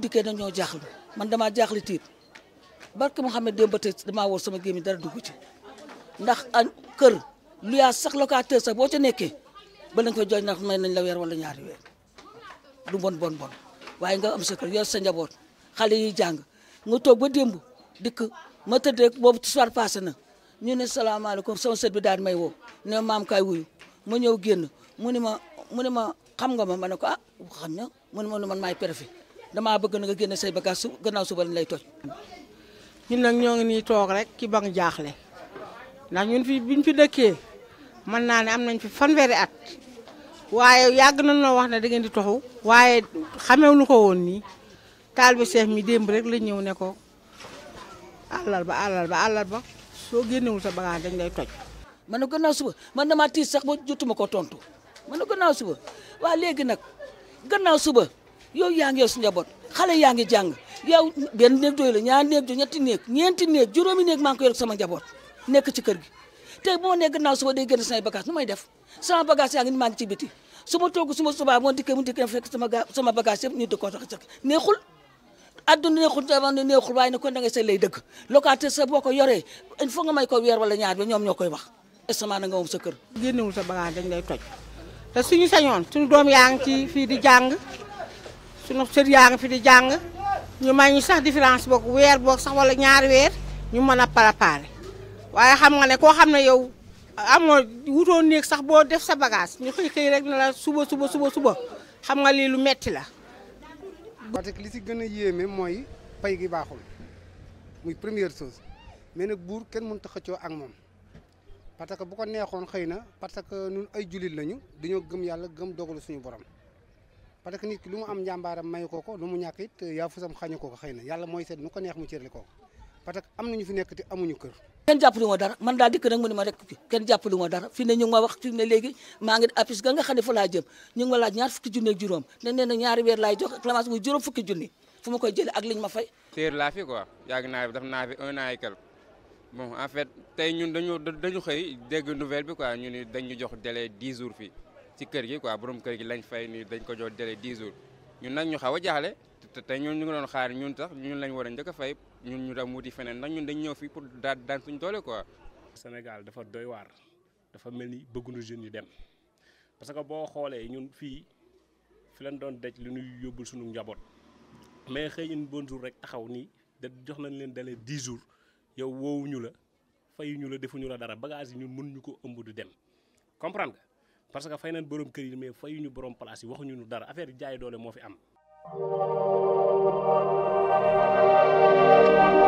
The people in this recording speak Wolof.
dikkee ñoo jaaxle man damaa jaaxle tiit barke Mouhamed démb te damaa woo sama gémmiñ dara dugg ci ndax añ kër lu yaa sax locataire sax boo ca nekkee ba lañ koy jooj ndax may nañ la weer wala ñaari weer du bon bon bon waaye nga am sa kër yor sa njaboot xale yiy jàng nga toog ba démb dikk ma tëdd rek boobu tisbaar passé na ñu ne salaamaaleykum sama sët bi daal may woo ne maam kaay wuyu ma ñëw génn mu ne ma mu ne ma xam nga ma ma ne ko ah xam na mu ne ma man maay préfet damaa bëgg na nga génne say bagage su gannaaw suba lañ lay toj. ñun nag ñoo ngi nii toog rek ci ba jaaxle ndax ñun fi biñ fi dëkkee mën naa ne am nañ fi fanweeri at waaye yàgg na noo wax ne da ngeen di toxu waaye xamew lu ko woon nii taal bi seex mi démb rek la ñëw ne ko ba àllarba àllarba soo génnewul sa bagage dañ lay toj. man na gannaaw suba man ma tiis sax ba jotuma koo tontu man na gannaaw suba waa léegi nag gannaaw suba yow yaa ngi yow su njaboot xale yaa ngi jàng yow benn néeg doy la ñaar néeg doy ñetti néeg ñeenti néeg juróomi néeg maa ngi ko yor sama njaboot nekk ci kër gi tey bu ma nee gannaaw suba day génn samay bagage nu may def sama bagage yaa ngi ni maa ngi ci biti su ma toog su ma subaa moo dikkee mu dikkee fekk sama sama bagage yëpp ñu di ko tax a neexul adduna neexul dara ne neexul waaye ne kon da nga seet lay dëkk locataire sa boo ko yoree il faut nga may ko weer wala ñaar bi ñoom ñoo koy wax estament na nga sa kër génnewul sa bagage dañ lay toj te suñu sañoon suñu doom yaa ngi ci fii di jàng suñu sët yaa ngi fi di jàng ñu may ñu sax différence boog weer boog sax wala ñaari weer ñu mën a préparer waaye xam nga ne koo xam ne yow amoon wutoo néeg sax boo def sa bagage ñu xëy xëy rek ne suba suba suba suba xam nga lii lu metti la parce li si gën a yéeme mooy pay gi baaxul muy première chose mais nag buur kenn mënut a xëccoo ak moom parce que bu ko neexoon xëy na parce que ñun ay jullit lañu dañoo gëm yàlla gëm dogalu suñu borom parce que nit ki lu mu am njàmbaaram mayu ko ko lu mu ñàkk it yaa fu fusam xañu ko ko xëy na yàlla mooy seet nu ko neex mu cërli ko parce que am nañu fi nekk te amuñu kër kenn jàppale ma dara man daal dikk nag mu ne ma rek kenn jàppale ma dara fii ne ñu ma wax fii ne léegi maa ngi apis ga nga xam ne fa laa jëm ñu ngi ma laaj ñaar fukki junni ak juróom ne na ñaari weer laay jox clémence muy juróom fukki junni fu ma koy jëlee ak liñ ma fay téer laa fi quoi yàgg naa fi def naa fi un an et bon en fait tey ñun dañu dañu xëy dégg nouvelle bi quoi ñu ni dañu jox délai 10 jours fii ci kër gi quoi borom kër gi lañ fay ni dañ ko jox délai 10 jours ñun nag ñu xaw a jaaxle te tey ñun ñu ngi doon xaar ñun sax ñun lañu war a njëkk a fay ñun ñu dem wuti feneen ndax ñun dañ ñëw fii pour daan daan suñ doole quoi. Sénégal dafa doy waar dafa mel ni bëgguñu jeunes yu dem parce que boo xoolee ñun fii fi leen doon daj lu ñuy yóbbul suñu njaboot mais xëy ñun bon jour rek taxaw nii da jox nañ leen dalee 10 jours yow woowuñu la fayuñu la defuñu la dara bagage yi ñun mënuñu ko ëmb du dem comprendre nga parce que fay nañ borom kër yi mais fayuñu borom place yi waxuñu ñu dara affaire jaay doole moo fi am. Música